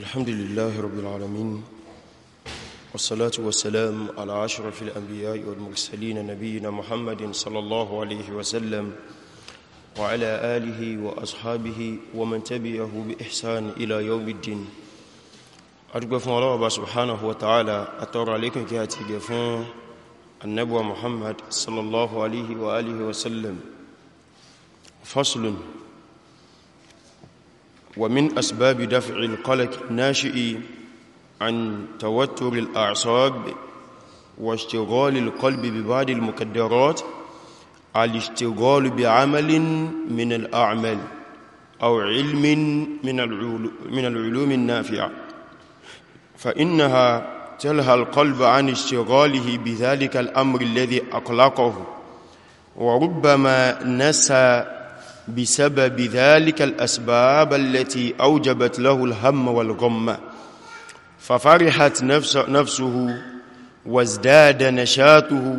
الحمد لله رب العالمين والصلاة والسلام على أشرف الأنبياء والمرسلين نبينا محمد صلى الله عليه وسلم وعلى آله وأصحابه ومن تبعه بإحسان إلى يوم الدين أرجو فن الله سبحانه وتعالى أتور عليكم كاتي جفون النبوة محمد صلى الله عليه وآله وسلم فصل ومن أسباب دفع القلق الناشئ عن توتر الأعصاب واشتغال القلب ببعض المكدرات الاشتغال بعمل من الأعمال أو علم من العلوم النافعة فإنها تلهى القلب عن اشتغاله بذلك الأمر الذي أقلقه وربما نسى بسبب ذلك الأسباب التي أوجبت له الهم والغم ففرحت نفس نفسه وازداد نشاطه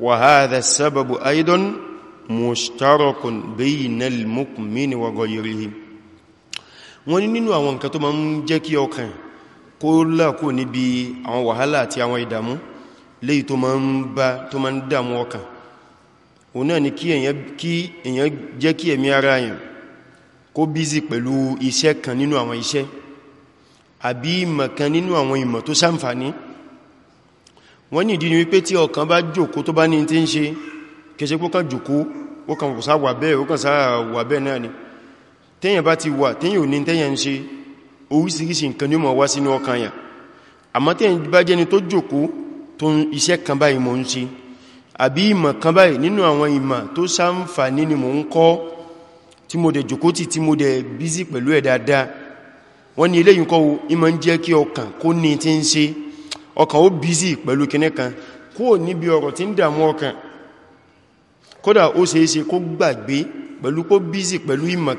وهذا السبب أيضا مشترك بين المؤمن وغيره wọ́n ní nínú àwọn nǹkan tó ma ń jẹ́ kí ọkàn kó lákò níbi àwọn wàhálà àti àwọn ìdàmú léyìí tó ma ń dàmú ọkàn òun náà ni kí èyàn jẹ́ kí ẹ̀mí ara yẹn kó bízì pẹ̀lú iṣẹ́ kan nínú àwọn iṣẹ́ àbí ìmọ̀ kan nínú àwọn ìmọ̀ tó ṣàǹfàní wọ́n ní ìdí ni wípé tí ọkàn bá jòkó tó bá ní tí ń ṣe kẹsẹ pó kàn jòkó ó kàn wùsá wà bẹ́ẹ̀ ó kàn sára wà bẹ́ẹ̀ náà ni àbí ìmọ̀ kan báyìí nínú àwọn ìmọ̀ tó ṣàǹfààní ni mò ń kọ́ tí mo dẹ̀ jòkótì tí mo dẹ̀ bízí pẹ̀lú ẹ̀ dáadáa wọ́n ní eléyìí kọ́ ìmọ̀ ń jẹ́ kí ọkàn kó ní tí ń ṣe ọkàn ó bízí pẹ̀lú kinní kan kó níbi ọ̀rọ̀ tí ń dàmú ọkàn kódà ó ṣeéṣe kó gbàgbé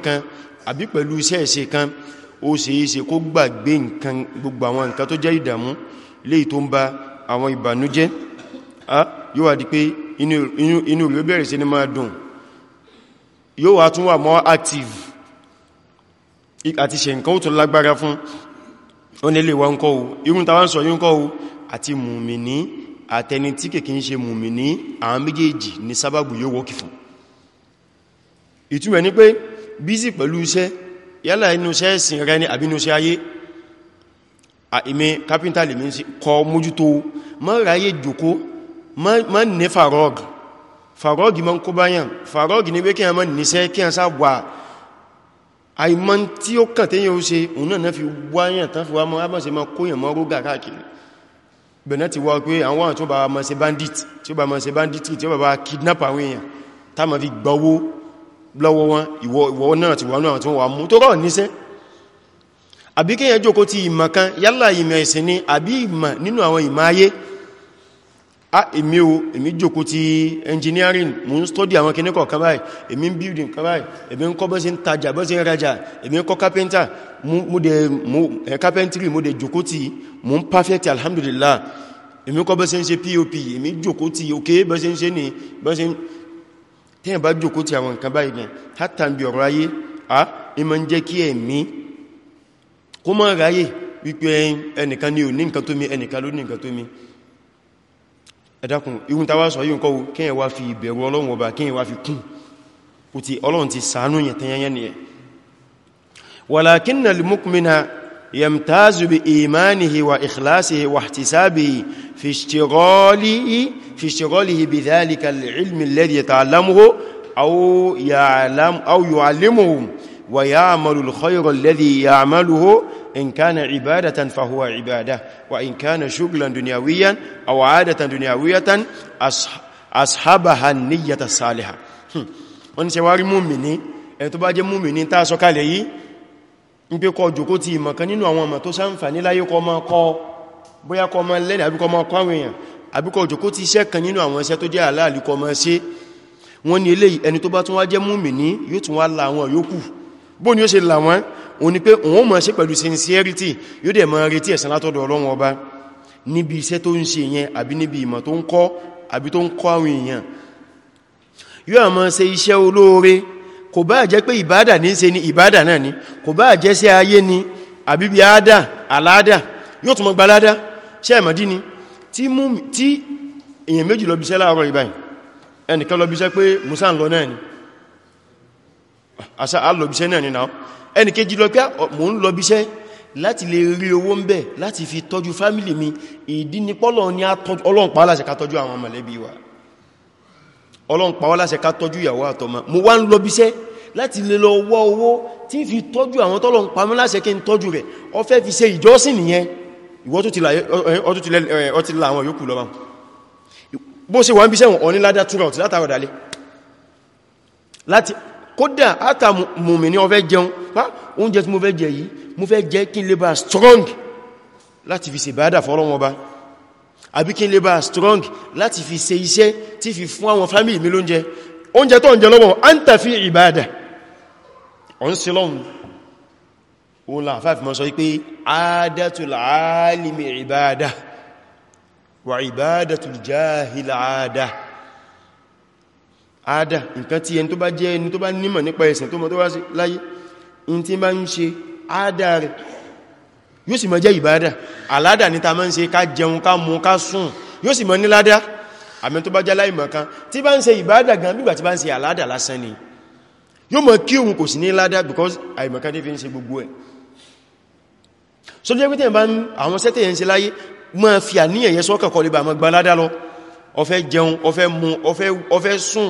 kan àbí pẹ̀lú iṣẹ́ kan ó ṣeéṣe kó gbàgbé nǹkan gbogbo àwọn nǹkan tó ba àwọn ìbànújẹ́ ah yóò wá di pé inú rẹ̀ bẹ̀rẹ̀ sí ní máa dùn yóò wá tún wà more active àti ṣe nǹkan ó tún lágbára fún ó nílé wa ń kọ́ o irun tàwa ń sọ yí kọ́ o àti mùmìní àtẹni tí kèkí ń ṣe mùmìní àwọn méjèèjì ní sábàbù yóò wọ́kì fún ìtumẹ̀ ni pé bízì pẹ̀lú iṣẹ́ yálà inú iṣẹ́ ẹ̀sìn rẹ ní àbínú iṣẹ́ ayé àìmẹ́ kápíntà lè mí kọ mójútó mọ́ ráyé jòkó ma ní farog farog ma ń kó báyàn farog ní pé kí a ma níṣẹ́ kí a sá wà àìmọ́ tí ó kàn tí yóò ṣe òun náà fi wáyàn tán fi wá mọ́ ábọ̀nsẹ̀ ma kóyàn mọ́ rógà káàkiri bẹ̀nà ti wá pé àwọn tí ó bá ma ṣe bandit tí ó bá ma ṣe bandit tí tá ma fi gbọ́wó lọ́wọ́ wọn ìwọ náà ti wà náà tí wọ́n mú tó rọ̀ níṣẹ́ àbí kéèyàn ti ìmọ̀ kan yálà ìmọ̀ ẹ̀sìn ni àbí ìmọ̀ nínú àwọn ìmọ̀ ayé ah èmi o èmi jókòó ti engineering mo ń study àwọn kinní kọ̀ọ̀kan báyìí èmi ń building kan báyìí èmi ń kọ́ bó ṣe ń tajà bó ṣe ń rajà èmi ń kọ́ carpenter mo dẹ̀ mo carpentry mo dẹ̀ jókòó ti mo ń perfect alhamdulillah èmi ń kọ́ bó ṣe ń ṣe pop èmi jókòó ti ok bó ṣe ń ṣe ní bó ṣe ń tẹ́yìn bá jókòó ti àwọn nǹkan báyìí gan hátà ah ìmọ̀ ń jẹ́ kí ẹ̀mí kó mọ́ ráyè wípé ẹnìkan ni ò ní nǹkan tó mi ẹnìkan ló ní nǹkan ẹ̀dàkùn ihun tàwà sọ yíò kọ́wọ́ kí ẹ wá fi ìbẹ̀rù ọlọ́run ọba kí ẹ wá fi kún o ti ọlọ́run ti ṣàánú yẹn tẹ́yẹnyẹn ni ẹ walakinna al-mu'mina yamtazu bi imanihi wa إن كان عبادة فهو عبادة وإن كان شغلا دنيويا أو عادة دنيوية أصحبها النية الصالحة wọ́n ṣe wárí múmìní ẹni tó bá jẹ́ múmìní tàà sọkalẹ̀ yìí ń pé kọ jòkó ti ìmọ̀kan nínú àwọn ọmọ tó sáǹfàní láyé kọ ma kọ bóyá kọ ma lẹ́nà àbíkọ ma kọ àwọn èèyàn àbíkọ jòkó ti iṣẹ́ kan nínú àwọn iṣẹ́ tó jẹ́ aláàlì ma ṣe wọ́n ni eléyìí ẹni tó bá tún wá jẹ́ múmìní yóò tún wá la àwọn yòókù bó ni ó ṣe là wọ́n òun ni pé òun mọ̀ ṣe pẹ̀lú sincerity yóò dẹ̀ mọ̀ retí ẹ̀san látọ̀dọ̀ Ọlọ́run ọba níbi iṣẹ́ tó ń ṣe yẹn àbí níbi ìmọ̀ tó ń kọ́ àbí tó ń kọ́ àwọn èèyàn yóò mọ̀ ṣe iṣẹ́ olóore kò bá jẹ́ pé ìbádà ní ṣe ni ìbádà náà ni kò bá jẹ́ sí ayé ni àbí bí ádà àládà yóò tún mọ̀ gbaládá ṣe ẹ̀mọ̀dí ni tí èèyàn méjì lọ bíṣẹ́ láàárọ̀ ìbáyìí ẹnìkan lọ bíṣẹ́ pé musa ń lọ náà ni àṣà alọ́bíṣẹ́ náà ni náà ẹni kejì lọ pé mò ń lọ bíṣẹ́ láti lè rí owó ń bẹ̀ láti fi tọ́jú fámílì mi ìdí ni pọ́lọ̀ ní Ọlọ́run pa wá láṣẹ ká tọ́jú àwọn mọ̀lẹ́bí wa Ọlọ́run pa wá láṣẹ ká tọ́jú ìyàwó àtọmọ mo wá ń lọ bíṣẹ́ láti lè lọ wọ́ owó tí fi tọ́jú àwọn tọ́lọ́run pa mí láṣẹ kí n tọ́jú rẹ̀ ó fẹ́ fi ṣe ìjọsìn nìyẹn ìwọ tó ti la àwọn yòókù lọ́wọ́ bó ṣe wà ń bíṣẹ́ wọn ọ ní ládá túnra ọ̀tí látàrọ̀dálé láti kódà átà mùmí ní ọfẹ́ jẹun oúnjẹ tí mo fẹ́ jẹ yìí mo fẹ́ jẹ kí n lè bá strong láti fi ṣe bàádà fọ́lọ́run ọba àbí kí n lè bá strong láti fi ṣe iṣẹ́ tí fi fún àwọn fámílì mi lóúnjẹ oúnjẹ tó ń lọ́wọ́ a ń tàfí ìbàádà ọ̀n sí lọ́hun Ada nǹkan tí ẹni tó bá jẹ́ ẹni tó bá nímọ̀ nípa ẹ̀sìn tó mọ̀ tó wá sí láyé in tí bá ń ṣe àádà rẹ̀ yóò sì mọ̀ jẹ́ ìbádà aládà ní ta mọ́ ń ṣe ká jẹun ká mú ká sùn yóò sì mọ̀ ní ládá àmì tó bá jẹ́ láìmọ̀kan tí bá ń ṣe gan bí ìgbà tí bá ń ṣe aládà ni yóò mọ̀ kí òun kò sí ní ládá because àìmọ̀kan ní fi ń gbogbo ẹ̀ so jẹ́ pẹ́tẹ̀ bá àwọn sẹ́tẹ̀ yẹn ṣe láyé mọ́ fi àníyàn yẹn sọ́kàn kọlẹ̀ bá mọ́ gbaládá lọ ó fẹ́ jẹun ó fẹ́ mú ó fẹ́ sùn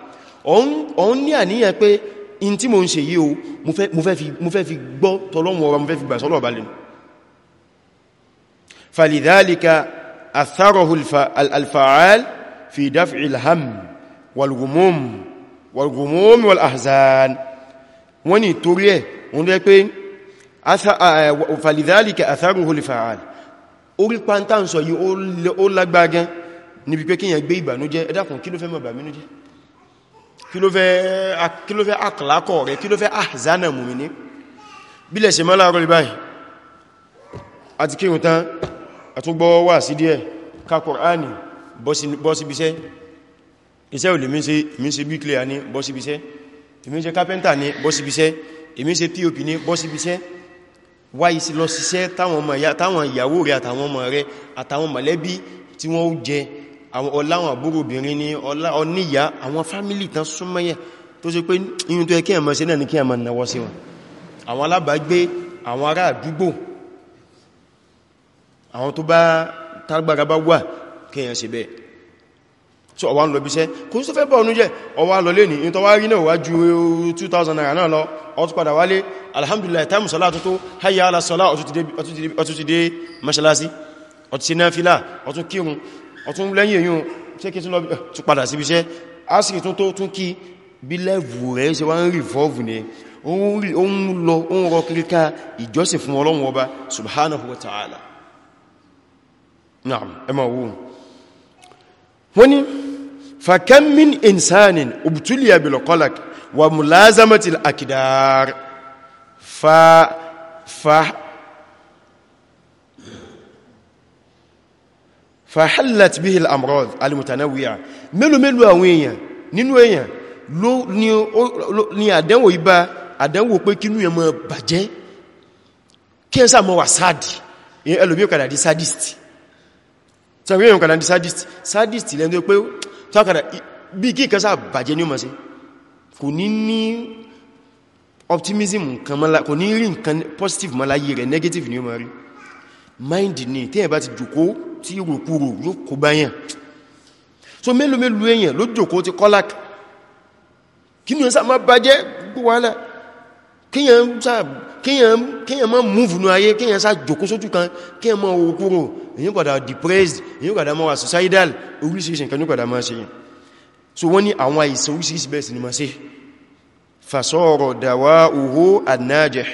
òun ní àníyàn pé in tí mo ń ṣe yí o mo fẹ́ fi gbọ́ tọ́lọ́run ọba mo fẹ́ fi gbà sọ́lọ̀ ọba lè falidhalika atharahu alfa'al fi daf'i alham walahzan wọ́n ni torí ẹ̀ wọ́n rẹ̀ pé falidhalika atharahu alfa'al orí pàntà yí ó lágbàgán níbi pé kíyàn gbé ìbànújẹ́ ẹ̀dàkùn kí ló fẹ́ mọ̀ bàmínújẹ́ kí ló fẹ́ àkàlákọ̀ rẹ̀ kí ló fẹ́ àzánà mùmìní bílẹ̀ ṣe mọ́ láàrọ̀ ìbáyìí àti kírun tán àtúgbọ́ wà sí díẹ̀ ka Kùránì bọ́síbíṣẹ́ iṣẹ́ olè míṣe bíkìlẹ̀ ní bọ́síbíṣẹ́ ìmíṣe kápẹ́ntà ní bọ́síbíṣẹ́ ìmíṣe pop ní bọ́síbíṣẹ́ wá isi lọ síṣẹ́ táwọn ìyàwó rẹ̀ àtàwọn ọmọ rẹ̀ àtàwọn mọ̀lẹ́bí tí wọ́n jẹ àwọn ọláwọn àbúrò obìnrin ní ọníyà àwọn fámílì tán súnmọ́yẹ̀ tó ṣe pé inú tó ẹkẹ́ ẹ̀mọ́ sí náà ní kí ẹ̀mọ́ náwọ́ sí wọn àwọn alábàágbé àwọn ará àdúgbò àwọn tó bá tágbára bá wà kíyàn sí bẹ́ẹ̀ so ọwá ń lọ bíṣẹ́ kò ń sọfẹ́ bọ́ọ̀nú ọtún alhamdulillah táìmù sọ́lá tó tó hayya ala sọ́lá ọtún ti dé mọ́ṣálásí ọtún sí náà fílà ọtún kírun ọ̀tún lẹ́yìn èyàn ṣe kí eh, tún padà síbi iṣẹ́ asìkì tún tó tún kí bí lẹ́vù rẹ̀ ṣe wá ń rí fọ́ọ̀vù ní ohun lọ ohun rọ kíríká ìjọsìn fún ọlọ́run ọba subhanahu wa ta'ala fahallat bihi al-amrad al-mutanawwi'a mélòó mélòó àwọn èèyàn nínú èèyàn ní àdánwò ibá àdánwò pé kínú yẹn mọ́ bàjẹ́ kí ẹ sáà mọ́ wà sáàdì èyàn ẹlòmí ọ̀kadà di sadist sọ́rọ̀ èyàn ọ̀kadà di sadist sadist lẹ́nu pé tọ́kadà bí kí ìkẹsà bàjẹ́ ní ọmọ sí kò ní ní optimism nǹkan mọ́lá kò ní rí nǹkan positive mọ́lá tí rùkúrù yóò kó báyàn so mélòó mélòó èèyàn ló jòkó ti kọ́lák kí ni ó sá má bàjẹ́ gbogbo wàhálà kíyàn má múùfù ní ayé kíyàn sá jòkó sójú kan kíyàn má owó èyàn padà depressed èyàn padà má wà suicidal oríṣìíṣìí kan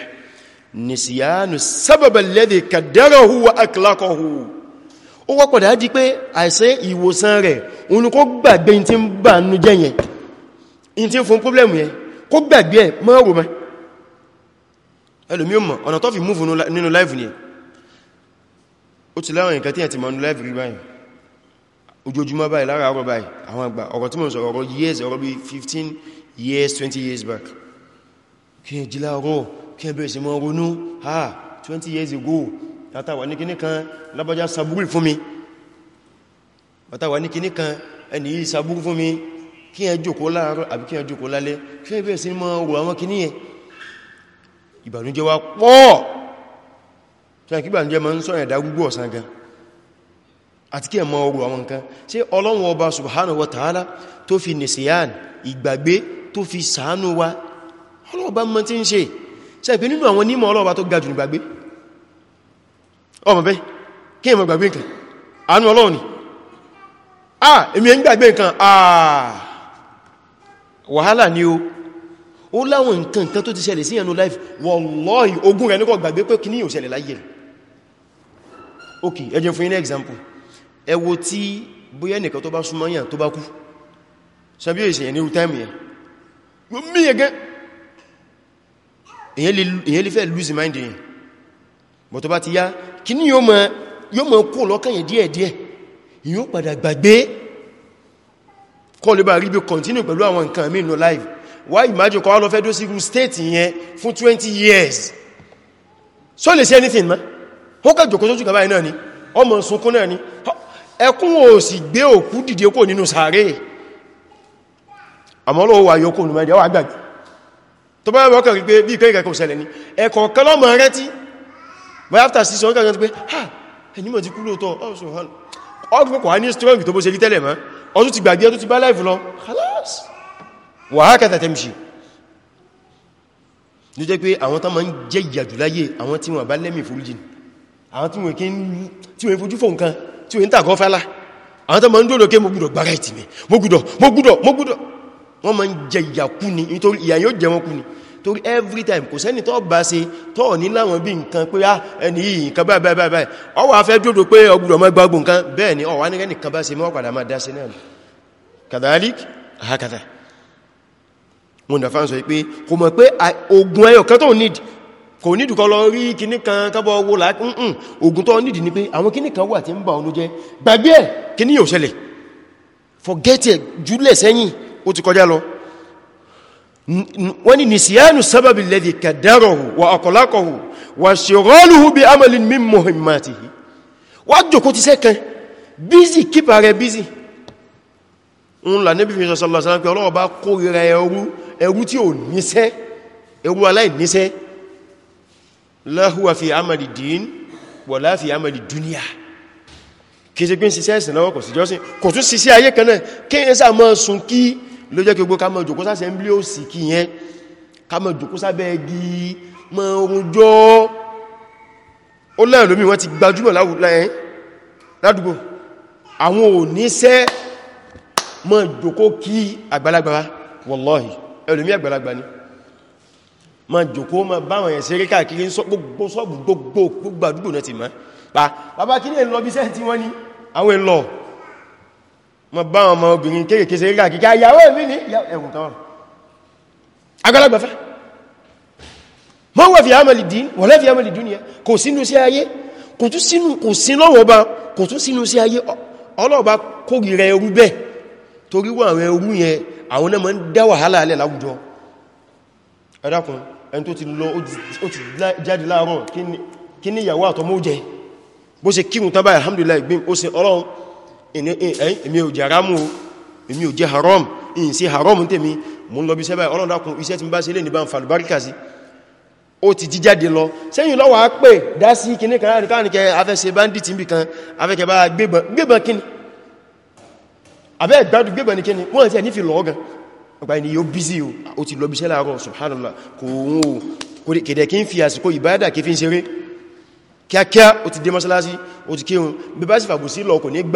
sábàbà lẹ́dẹ̀ kàdẹ́rọ̀ hù wa aklákọ̀ ó wọ́pọ̀ dájí pé àìsẹ́ ìwòsàn rẹ̀ òun kó gbàgbé in tí ń bà nú jẹ́ yẹn in tí ń fún pọ́blẹ̀mù yẹn kó gbàgbé ẹ̀ mọ́rò mẹ́ ẹlòmí o mọ̀ ọ̀nà tó fi múfù nínú láìfù ní ẹ̀ ó ti láwọn years ọ̀rọ̀ bí 15 years 20 years back kí ẹ jí láàárọ̀ kí ẹ bẹ̀rẹ̀ sí 20 ah, years ago tàtà wà ní kíní kan lábájá sàbúrù fún mi bàtà wà ní kíní kan ẹni yìí sàbúrù fún mi kí ẹ jókòó láàárọ̀ àbí kí ẹ jókòó lálẹ́ kí ẹ bẹ̀rẹ̀ sí mọ́ rò àwọn kíní yẹn ìbànújẹ́ wá pọ̀ tí àti kí ẹ mọ́ rò àwọn nǹkan ṣé Ọlọ́run ọba subhanahu wa ta'ala tó fi nìsíyàn ìgbàgbé tó fi ṣàánú wa Ọlọ́run mọ́ tí ń ṣe ṣe ìpín àwọn onímọ̀ Ọlọ́run tó gajù nígbàgbé ọmọ bẹ́ kí èmọ̀ gbàgbé nǹkan àánú ọlọ́run ni ah èmi ń gbàgbé nǹkan ah wàhálà ni o ó láwọn nǹkan nǹkan tó ti ṣẹlẹ̀ sí ẹnu life wallahi ogún rẹ̀ níkọ̀ gbàgbé pé kí ní yóò ṣẹlẹ̀ láyé rẹ̀ ok ẹ fún yín example ẹ wo tí bóyá nìkan tó bá súnmọ́ yàn tó bá kú sàbí èsì ẹ̀ ní irú táìmù yẹn yóò mí yẹ gẹ́ èyàn lè fẹ́ lose mind yẹn bọ̀ tó bá ti yá kíní yóò mọ̀ yóò mọ̀ kó lọ́kàn yẹn díẹ̀díẹ̀ yóò padà gbàgbé kọlùbà rí bí continue pẹ̀lú àwọn nǹkan mí nù live wá imagine kọwàá lọ fẹ́ dó sí irú state yẹn fún 20 years so lè sí anything ma ó kà jòkó sójú kàbáyé náà ni ọmọ sunkún náà ni ẹkún ò sì gbé òkú dìde kò nínú sàárè àmọ́ lọ́wọ́ wà yóò kò but after six hundred kan pé ha ẹni mọ̀ ti kú lóòtọ́ ọ̀sùn hàn ọgbọ̀n kò wá ní strong tó bó ṣe rí tẹ́lẹ̀ mọ́ ọdún ti gbàgbé ọdún ti bá láìfù lọ halas wà á kẹta tẹ́m ṣe ló jẹ́ pé àwọn tán ma ń jẹ́ ìyàjù láyé àwọn tí wọ́n bá lẹ́mì foríjìn àwọn tí wọ́n kí ń fojú fò nǹkan tí wọ́n ń tàgọ́ fálá àwọn tán ma ń dòdò kí mo gbúdọ̀ gbára ìtìmẹ̀ mo gbúdọ̀ mo gbúdọ̀ mo gbúdọ̀ wọ́n ma ń jẹ ìyàkú ni nítorí ìyà yóò jẹ wọn kú ni torí every time kò sẹ́ni tó bá ṣe tó ní láwọn bí nǹkan pé á ah, ẹni yìí nǹkan báyìí báyìí báyìí ó wá fẹ́ dúdú pé ọgbùdọ̀ mọ́ gbogbo nǹkan bẹ́ẹ̀ ni ọwà ní nǹkan bá ṣe mọ́ padà máa dá sí náà kadhalik hakadha wọn dàfà ń sọ pé kò mọ̀ pé ogun ẹyọ kan tó need kò ní dùkọ́ lọ rí kíní kan kábọ̀ owó láàkùn ogun tó need ni pé àwọn kíní kan wà tí ń bà ọ́nú jẹ́ forget it jùlẹ̀ sẹ́yìn ó ti kọjá lọ wani nisiyanu sababi alladhi kaddarahu wa aqlaqahu wa shighaluhu bi amalin min muhimmatihi wa joko ti sekan busy keep are busy un la nabi fi sallallahu alaihi wasallam pé Ọlọ́run bá kó ń ṣiṣẹ́ ẹ̀sìn lọ́wọ́ kò sí ló jẹ́ kí gbogbo ká mọ̀ jòkó sáṣẹ́ ń bí ó sì kí yẹn ká mọ̀ jòkó sábẹ́ ẹgbì mọ̀ ohun jọ ó lẹ́rìn lómi wọ́n ti gbajúmọ̀ ládùgbò àwọn oníṣẹ́ mọ̀ jòkó kí àgbàlagbà wallahi ẹlòmí àgbàlagbà ni mọ̀ jòkó mọ̀ báwọn yẹn ṣeré káàkiri gbogbo sọ́ọ̀bù gbogbo gbogbo àdúgbò náà ti mọ́ pa bàbá kí ní ẹ̀ lọ bí sẹ́ẹ̀ tí mọ bá ọmọ obìnrin kéèkéé sí ríra kíkà ìyàwó èmì ní ẹ̀wùn kan agọ́lọ́gbẹ̀fẹ́ mọ́ wọ́n fi àmàlì dín wọ́lẹ́ fi àmàlì dúnìyà kò sínú sí ayé kò tún sínú kò sínú ọba kò tún sínú sí ayé ọlọ́ọ̀bá kórìíra ẹrú bẹ́ẹ̀ torí wọ́n àwọn ẹrú yẹn àwọn náà máa ń dá wàhálà alẹ́ láwùjọ ẹ dákun ẹni tó ti lọ ó ti jáde láàárọ̀ Eh, eh, èmi ò jẹ haramu o haram ìyìn sí haram tèmi mú lọ bí sẹ́bà ọlọ́dàkùn iṣẹ́ tí bá ṣe lè ní bá ń falùbáríkà sí ó ti jíjáde lọ sẹ́yìn lọ́wọ́ á pè dá sí kìní kan láti káàkiri afẹ́sẹ̀ bandit níbi kan afẹ́kẹ́ bá gbébọn kíni abẹ́ ìgbádùn gbébọn ní kíni wọ́n ti ẹ̀ nífi lọ́ọ̀gan ọgbà ẹni yóò bí sí o ti lọ bí sẹ́lá àárọ̀ subhanallah kò wọ́n o kèdè kí ń fi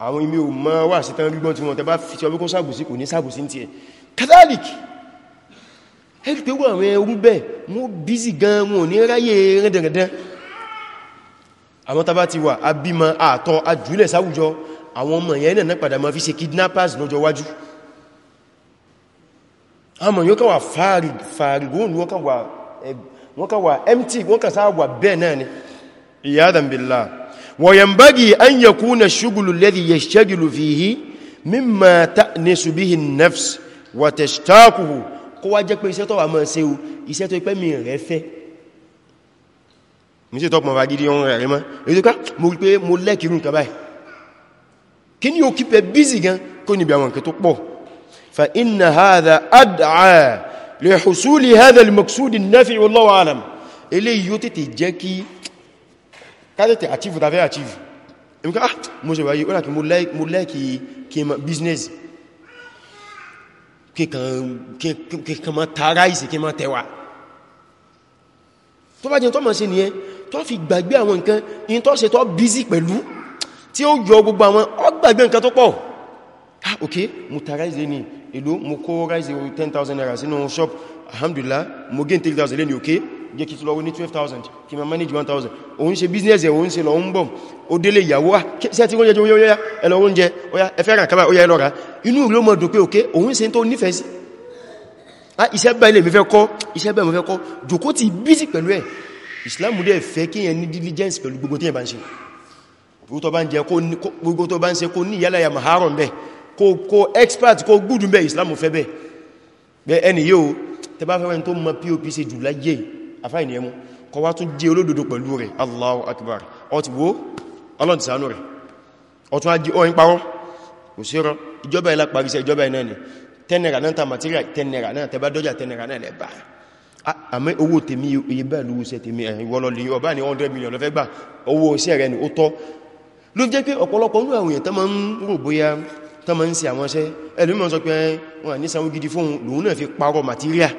àwọn imi o ma wà sí tán rígbọ́n tí wọ́n tẹbá fi ọlọ́kún sàbùsí kò ní sàbùsí tí ẹ catholic ẹ̀rì pé wọ́n àwọn ẹrú bẹ́ẹ̀ mú bízì gan wọn ní ráyè rẹ̀dẹ̀rẹ̀dẹ̀ àwọn tàbá ti wà abímọ àtọ àjúlẹ̀ sáwùjọ àwọn ọmọ yẹn náà ma fi ṣe kidnappers lọ́jọ́ wájú àmọ́ yóò kàwà fàárì góòlù wọ́n kàwà empty wọ́n kà sáà wà bẹ́ẹ̀ náà ni وينبغي أن يكون الشغل الذي يشتغل فيه مما تأنس به النفس وتشتاقه قوة جاك بي سيطو عمان سيو يسيطو يبا مي رفة مي سيطو عمان فاقيدي يون رعيما يدوكا مولكي مولكي رون كباي كن يوكي بي بيزي كوني بي عمان كتوك بو فإن هذا أدعى لحصول هذا المقصود النافع والله أعلم إلي يوتي تجاكي káàtẹ̀tẹ̀ achieve ta fẹ́ achieve ẹ̀mí ká ah, mo ṣe wáyé ọ́nà kí mo lẹ́ẹ̀kì kí ma business kí ma ta ráìsì kí ma tẹ̀wà tó bá jẹ́ tó ma ṣe nìyẹn tó fi gbàgbé àwọn nǹkan in tó ṣe tó busy pẹ̀lú tí ó yọ gbogbo àwọn ó gbàgbé nǹkan tó pọ̀ ah ok mo ta ráìsì ní èlò mo kó ráìsì 10,000 naira sínú shop alhamdulillah mo gain 3,000 lẹ́ni ok jẹ́ kí lọ ní 12,000 kí ma manage 1,000 òun ṣe business ẹ̀ òun ṣe lọ ń bọ̀ ó délé ìyàwó ah, ṣe tí oúnjẹ oúnjẹ ẹlọ oúnjẹ ẹfẹ́ ràn kábà oúnjẹ ẹlọ́ra inú ìlú mọ̀ dùn pé òkè òun ṣe tó nífẹ̀ẹ́ sí ah, iṣẹ́ bá ilé mi fẹ́ kọ́ iṣẹ́ bá mi fẹ́ kọ́ jòkó ti busy pẹ̀lú ẹ̀ Islam dẹ̀ fẹ́ kí yẹn ní diligence pẹ̀lú gbogbo tí yẹn bá ń ṣe gbogbo tó bá ń ṣe kó ní ìyálà ya maharon bẹ́ kó expert kó gúdùn bẹ́ Islam fẹ́ bẹ́ ẹni yóò tẹbá fẹ́ wẹ́n tó mọ pop ṣe jù láyé afáìní ẹmú kọ wá tún jẹ́ olódodo pẹ̀lú rẹ̀ Allahu Akbar ọtí wo ọlọ́dìsánú rẹ̀ ọtún ajé ọyìn parọ́ kò sí rọ ìjọba ilá parísẹ ìjọba iná ni tẹ́nẹ̀rà náà ta material tẹ́nẹ̀rà náà tẹ́bá dọ́jà tẹ́nẹ̀rà náà lẹ́bà àmẹ́ owó tèmi iye bá lówó sẹ tèmi ìwọlọlì ọba ní 100 million lọ́fẹ́ gbà owó iṣẹ́ rẹ̀ ni ó tọ́ ló jẹ́ pé ọ̀pọ̀lọpọ̀ ní àwọn èèyàn tó máa ń rò bóyá material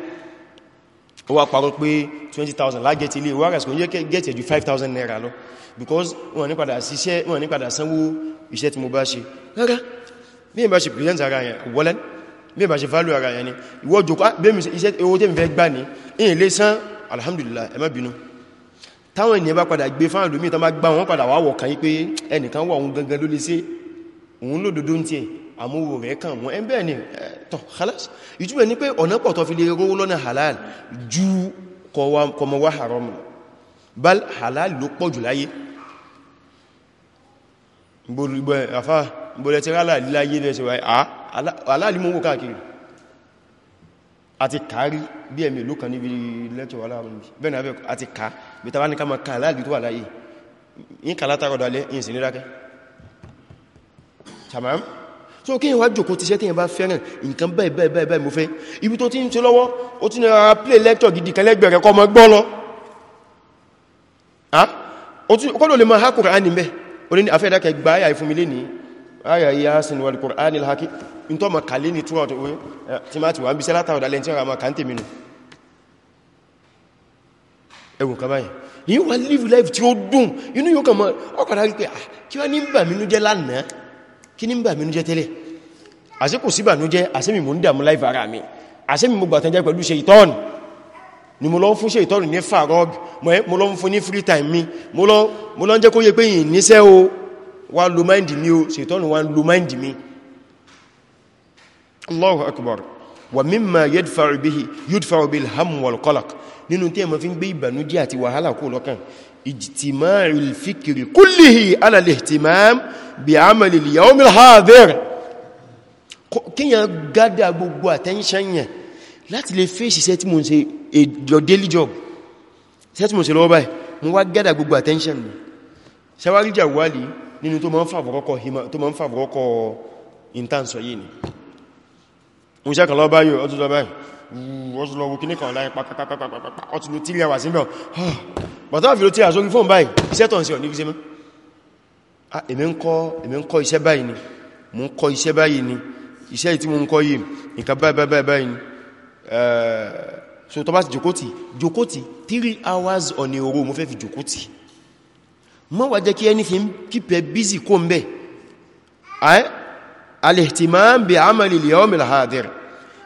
ó wá parọ́ pé 20,000 lágẹ̀tì ilé whereas kò ní gẹ̀tì ẹ̀jú 5,000 naira lọ because wọ́n ní padà síṣẹ́ wọ́n ní padà sanwó iṣẹ́ tí mo bá ṣe rárá bí ìbá ṣe present ara yẹn wọ́lẹ́ bí ìbá ṣe value ara yẹn ni ìwọ́ jòkó ah, iṣẹ́ owó tí mi fẹ́ gbà alhamdulillah ẹ má bínú táwọn ènìyàn bá padà gbé fáwọn lómi tán bá gbá wọn padà wà wọ̀ kan yí pé ẹnìkan wà àmúwò rẹ̀ kàn wọ́n ẹn bẹ́ẹ̀ ni tàn khalas ìtúbẹ̀ ní pé ọ̀nà pọ̀ tó fi lè rówó lọ́nà halal ju kọmọwá haram bal halal ló pọ̀ jù láyé gbọ́lẹ̀ tí rálà láyé lẹ́sẹ̀ wáyé halal mú wò káàkiri àti kàárí bí ẹ̀mí ìlú kan níbi lẹ́tọ̀ aláàrùn bẹ́ẹ̀ náà àti ká bí tàbá ní ká ma ká halal tó tamam so kí ìwà jòkó ti ṣẹ́ tí ìyànbá fẹ́ràn nǹkan báyìí báyìí báyìí mo fẹ́ ibi tó ti ń ṣe lọ́wọ́ ó ti nira play lecture gidi kan lẹ́gbẹ̀ẹ́ kọ́ mọ́ gbọ́ lọ kọ́lò lè ha Kùránì mẹ́ oní afẹ́dàkẹ́ gba ayà ìfún mi lé ní ayà yá sin wal Kùránì l'haki in tó ma kàlé ní túnrọ̀ tó wé tí máa ti wà ń bí sẹ́látà ọ̀dá lẹ́ntí live life tí ó dùn inú yóò kàn mọ́ ọkàdá rí pé ah, kí wá ní bà mínú kí ní bà mínú jẹ́ tẹ́lẹ̀ àṣẹ kò sí bà mínú jẹ́ àṣẹ mi mò ń dàmú láìfà ara mi àṣẹ mi mo gbàtàn jẹ́ pẹ̀lú ṣe ìtọ́ọ̀nù ni mo lọ ń fún ṣe ìtọ́ọ̀nù ní farog mo lọ ń fún ní free time mi mo lọ ń jẹ́ kó yẹ pé yìn níṣẹ́ o wà lo mind mi o ṣe ìtọ́ọ̀nù wà lo nínú tí ẹmọ fi ń gbé ìbànújẹ́ àti wàhálà kó lọ́kàn ijtima'ul fikri kullihi ala al-ihtimam bi'amali al-yawm al-hadir kíyàn gádà gbogbo attention yẹn láti lè fèsì iṣẹ́ tí mo ń ṣe eh, your daily job iṣẹ́ tí mo ṣe lọ́wọ́ báyìí ọdún lọ báyìí Hmm, wọ́sùlọ́wọ́ kí ní kan láyé pàpàpàpàpàpà ọtùlù tí lẹ́wà sí mẹ́ ah, bàtà fi tí a sórí fóòn báyìí iṣẹ́ tọ̀ sí ọ̀ ní fi mọ́ ah, eh, wà jẹ́ kí ẹni fi ń kípẹ̀ bízì kó ń bẹ̀ eh, alihtimam bi amali liyawmil hadir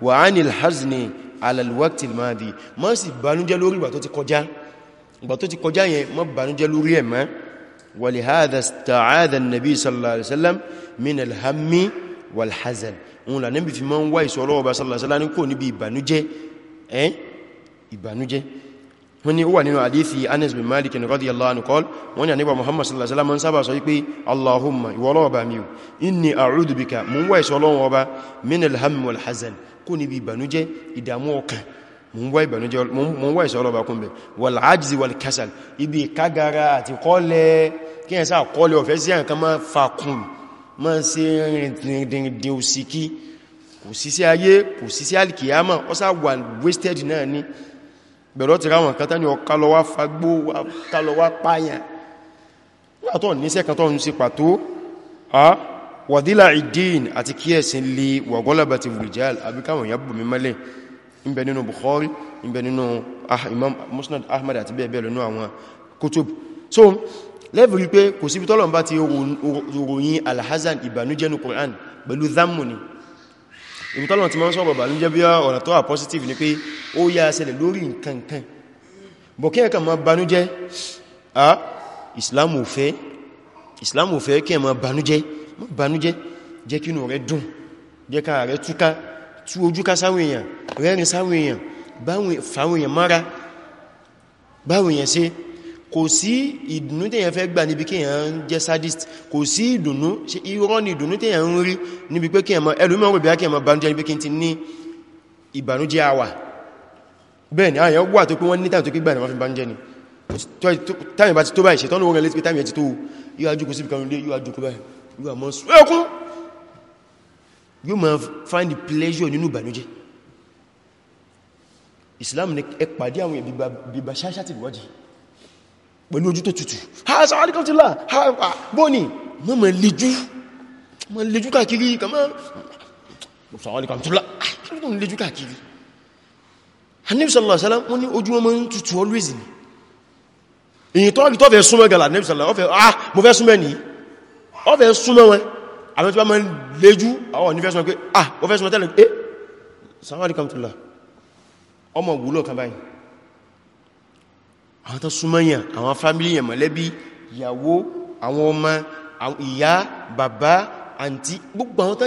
wa anil hazni ala alwaqti almadi má sì banújẹ́ lórí ìgbà tó ti kọjá ìgbà tó ti kọjá yẹn má banújẹ́ lórí ẹ̀ mọ́ wa li hadha ista'adha an-nabi sallallahu alaihi wasallam min alhammi wal hazan un la nabi fi man wa isoro ba sallallahu alaihi wasallam kò ní bí ìbànújẹ́ eh ìbànújẹ́ wọ́n ní ó wà nínú àdífì Anas bin Malik radiyallahu anhu qala wọ́n ní àníbà Muhammad sallallahu alaihi wasallam sábà sọ wípé Allahumma ìwọ́lọ́ọ̀bá mi inni a'udhu bika mú wà ìṣọ́lọ́wọ́ ọba min alhammi kó níbi ìbànújẹ́ ìdàmú ọkàn mo ń wá ìbànújẹ́ mo ń wá ìṣọ́lọ́bà kún bẹ̀ wal ajzi wal kasal ibi ìkágara àti kọ́lẹ̀ kí ẹ̀sà kọ́lẹ̀ ọ̀fẹ́ sí àǹkan máa fàkùn máa ṣe rìndìndìn òsìkí kò sí sí ayé kò sí sí alìkìyàmà ó sá wà wasted náà ní bẹ̀rọ ti ráwọn kan tání ọkálọwà fagbó ọkálọwà páyàn látọ̀ níṣẹ́ kan ń ṣe pàtó ah wàdílà ìdín àti kí ẹ̀sìn lè wàgọ́lọ̀bà ti rijal àbí káwọn yàbù mímọ́lẹ̀ ìbẹ̀ nínú Bukhari ìbẹ̀ nínú ah, Imam Musnad Ahmad àti bẹ́ẹ̀ bẹ́ẹ̀ lọ́nà àwọn kutub so lẹ́bù rí pé kò síbi tọ́lọ̀ bá ti ròyìn alhazan ìbànújẹ́ ní Qur'an pẹ̀lú dhammu ni ibi tọ́lọ̀ ti máa ń sọ̀rọ̀ ìbànújẹ́ positive ni pé ó yá ṣẹlẹ̀ lórí nkankan bọ̀ kí ẹ̀kà máa ah, Islam ò Islam ò fẹ́ kí ẹ mọ́ banújẹ́ jẹ́ kínú rẹ̀ dùn jẹ́ ká rẹ̀ túká tú ojúká sáwọn èèyàn rẹ́rin sáwọn èèyàn fáwọn èèyàn mara báwọn èèyàn ṣe kò sí ìdùnnú tẹ́yàn fẹ́ gbà níbi kí èèyàn jẹ́ sadist kò sí ìdùnnú ṣe irọ́ ni ìdùnnú tẹ́yàn ń rí níbi pé kí ẹlùmọ́ rẹ̀ bí i kí ni àyàn wà tó pé wọ́n ní tàbí tó kí gbà ní wọ́n fi banújẹ́ ni táyìn bá sí ibìkan lé báyìí You are most welcome. You mọ́ find the pleasure nínú ìbànújẹ́ Islam ní ẹ pàdé àwọn ìbìbà ṣáṣá ti wájì pẹ̀lú ojú tó tutù ha sáwọn alìkọ́tílá ha bọ́ni mọ́ mọ́ lejú mọ́ lejú káàkiri kàmọ́ sáwọn alìkọ́tílá ah, lejú káàkiri Ànábì sallallahu alaihi wasallam wọ́n ní ojú ọmọ ń tutù always ni èyí tó ọ̀gì tó fẹ́ súnmọ́ gàlà Ànábì sallallahu alaihi wasallam ah mo fẹ́ súnmọ́ nìyí ọfẹ́ súnmọ́ wọn àwọn tí wọ́n mọ́ léjú àwọn onífẹ́ súnmọ́ pé ah o fẹ́ súnmọ́ tẹ́lẹ̀ eh salamu alaikum tula ọmọ wúlò kan báyìí àwọn tó súnmọ́ yàn àwọn fámílì yàn mọ̀lẹ́bí ìyàwó àwọn ọmọ ìyá bàbá àǹtí gbogbo àwọn tó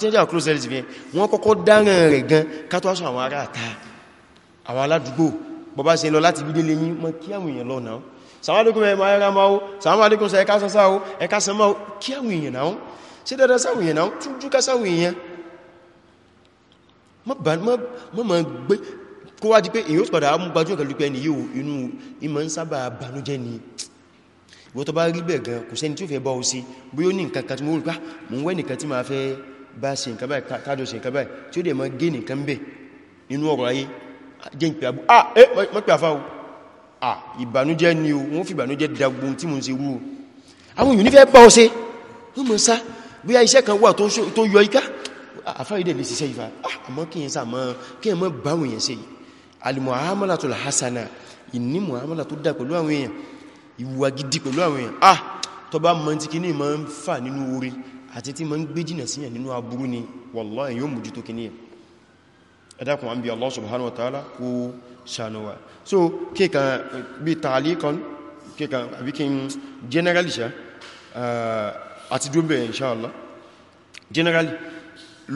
jẹ́ àwọn close relative yẹn wọ́n kọ́kọ́ dáràn rẹ̀ gan kátó aṣọ àwọn ará àta àwọn aládùúgbò bọ́bá ṣe lọ láti bídé lẹ́yìn mọ́ kí àwọn èèyàn sàmàlùkùn ẹ̀mà ẹ̀rà máa ó sàmàlùkùn sẹ ẹ̀ká sọ́sá ó ẹ̀ká sẹ máa ó kí àwọn èèyàn náà sí dada sáwọn èèyàn náà tún jú ká sáwọn èèyàn mọ́ ma gbé kó wá di pé èyí ó padà mú gbajú ọ̀kẹ́ lúpẹ́ ní yíò inú ìmọ̀ ń sábà banújẹ́ ni ìwọ́n tó bá rí bẹ̀ gan kò sẹ́ni tí ó fẹ́ bọ́ ọ sí bí ó ní nǹkan kan tí mo rí pá ah, mo ń wẹ́ nìkan tí máa fẹ́ bá ṣe nǹkan báyìí kájọ ṣe nǹkan báyìí tí ó dẹ̀ mọ́ gé nìkan bẹ̀ nínú ọ̀rọ̀ ayé jẹ́ ìpẹ́ àbú ah eh mọ́ pẹ́ àfáwọ́ Ah, ìbànújẹ́ ni o wọ́n fi ìbànújẹ́ dagbun tí mo ń ṣe wú o àwọn yìí nífẹ́ bá ọ ṣe wọ́n mọ̀ sá bí i iṣẹ́ kan wà tó yọ iká àfáìdẹ̀ lè ṣiṣẹ́ ìfà àmọ́ kí yẹn sàmọ́ kí yẹn mọ́ bá wòyàn èèyàn ìwà gidi pẹ̀lú àwọn ah tó bá mọ́ tí kí ní mọ́ ń fà nínú orí àti tí ni wallahi yóò mójútó kí ní Allah subhanahu wa ta'ala kó ṣànúwà so kíkan bí tààlì kan kíkan àbí kí n generally ṣá àti dúnbẹ̀ insha Allah generally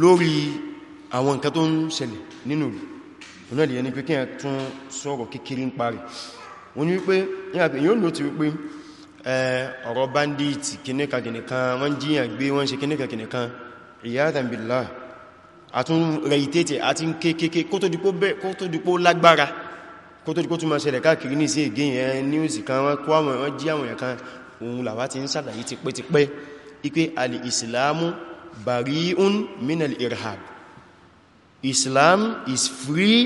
lórí àwọn nǹkan tó ń ṣẹlẹ̀ nínú rí ọ̀nà ìyẹn ni pé kí n tún sọ̀rọ̀ kékeré ń parí wọ́n ni wípé yíò ló ti wípé ọ̀rọ̀ bandit kìnnìkan kìnnìkan wọ́n jíyàn gbé wọ́n ṣe kìnnìkan kìnnìkan iyadan billah àtún rẹ̀ìtẹ́tẹ̀ àti kéèkéé kó tó dìpó lágbára kó tó dìpó túnmọ̀ ṣẹlẹ̀ káàkiri ní sí ègé yẹn níwùsì kan wọ́n kó àwọn ẹ̀wọ́n jí àwọn ẹ̀kan ohun làwá ti ń sàlàyé ti pẹ́ ti pẹ́ ipé alì islamu bari'un minal irhab islam is free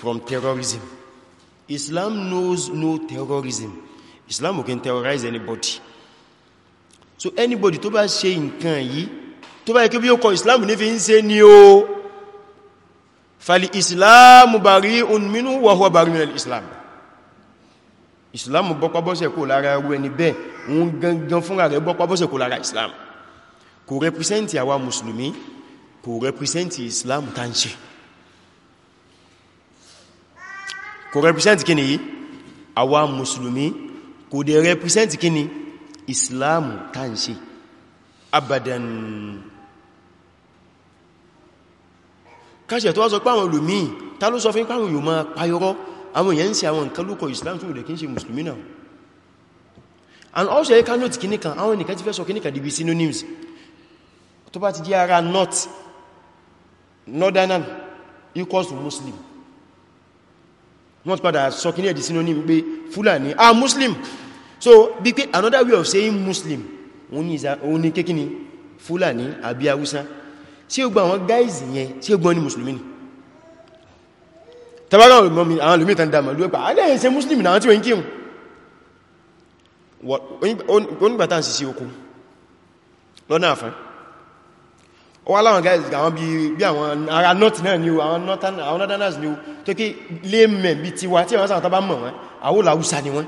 from terrorism islam knows no terrorism islam can terrorize anybody so anybody tó bá ṣe nǹkan yìí tó bá ikú bí ó kọ islam ní fi ń ṣe ni o fàlì islam bari unminu wa bari minal islam islam bọ́pàbọ́sẹ̀ kò lára ẹrù ẹni bẹ́ẹ̀ ń gangan fúnra rẹ̀ bọ́pàbọ́sẹ̀ kò lára islam kò rẹpìsẹ́ntì àwa mùsùlùmí kò rẹpìsẹ́ntì islam tá ń ṣe kò rẹpìsẹ́ntì kí ni yìí àwa mùsùlùmí kò dẹ̀ rẹpìsẹ́ntì kí ni islam tá ń abadan káṣẹ̀ tó wá sọ pé àwọn olùmí ta ló sọ fún pàwọn yóò máa payọrọ àwọn èèyàn sí àwọn nǹkan lókọ Islam tó rẹ̀ kí n ṣe musulmi náà and also ẹka note kìníkan àwọn ènìyàn ti fẹ́ sọ kìníkan dìbí synonyms tó bá ti jẹ́ ara north northern equals muslim wọ́n padà sọ kìníkan dì synonym pé Fulani ah muslim so bí pé another way of saying muslim òun ni kékíní Fulani àbí Haúsá ṣé ó gba àwọn gáìsì yẹn ṣé ó gbọ́n ní mùsùlùmí ni tàbára ọ̀rọ̀ mi àwọn olùmí tàn dàmà lóòpàá alẹ́yìn ah, ṣe mùsùlùmí náà tí ó ń kírun onígbàtà ń sisi okun lọ́nà àfẹ́ ó wá láwọn gáìsì àwọn bí àwọn ará north náà ni o àwọn northerners ni tó kí léèmẹ̀ bí ti wá tí àwọn sáwọn tàbá mọ̀ wọn àwọn làúsà ni wọn